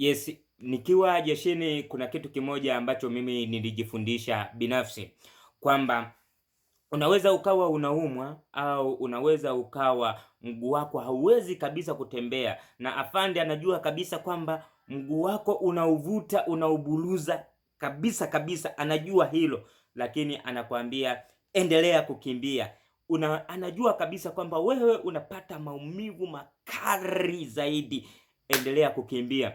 Yes, nikiwa jeshini kuna kitu kimoja ambacho mimi nilijifundisha binafsi kwamba unaweza ukawa unaumwa au unaweza ukawa mguu wako hauwezi kabisa kutembea, na afande anajua kabisa kwamba mguu wako unauvuta unaubuluza kabisa kabisa, anajua hilo, lakini anakwambia endelea kukimbia. Una, anajua kabisa kwamba wewe unapata maumivu makali zaidi, endelea kukimbia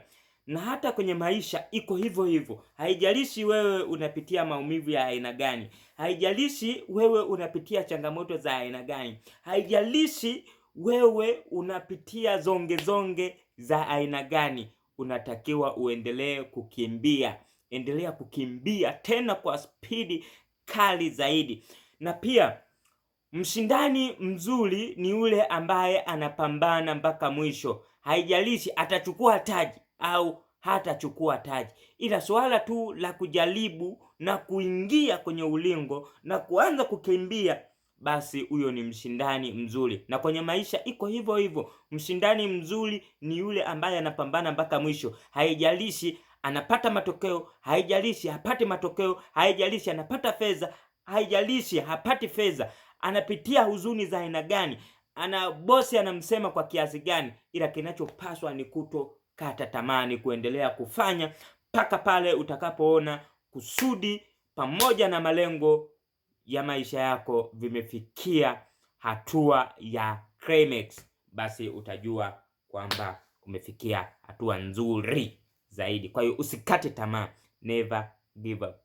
na hata kwenye maisha iko hivyo hivyo. Haijalishi wewe unapitia maumivu ya aina gani, haijalishi wewe unapitia changamoto za aina gani, haijalishi wewe unapitia zonge zonge za aina gani, unatakiwa uendelee kukimbia. Endelea kukimbia tena kwa spidi kali zaidi. Na pia mshindani mzuri ni yule ambaye anapambana mpaka mwisho, haijalishi atachukua taji au hatachukua taji, ila suala tu la kujaribu na kuingia kwenye ulingo na kuanza kukimbia, basi huyo ni mshindani mzuri. Na kwenye maisha iko hivyo hivyo, mshindani mzuri ni yule ambaye anapambana mpaka mwisho, haijalishi anapata matokeo, haijalishi hapati matokeo, haijalishi anapata fedha, haijalishi hapati fedha, anapitia huzuni za aina gani, ana bosi anamsema kwa kiasi gani, ila kinachopaswa ni kuto kata tamani kuendelea kufanya mpaka pale utakapoona kusudi pamoja na malengo ya maisha yako vimefikia hatua ya climax, basi utajua kwamba umefikia hatua nzuri zaidi. Kwa hiyo usikate tamaa, never give up.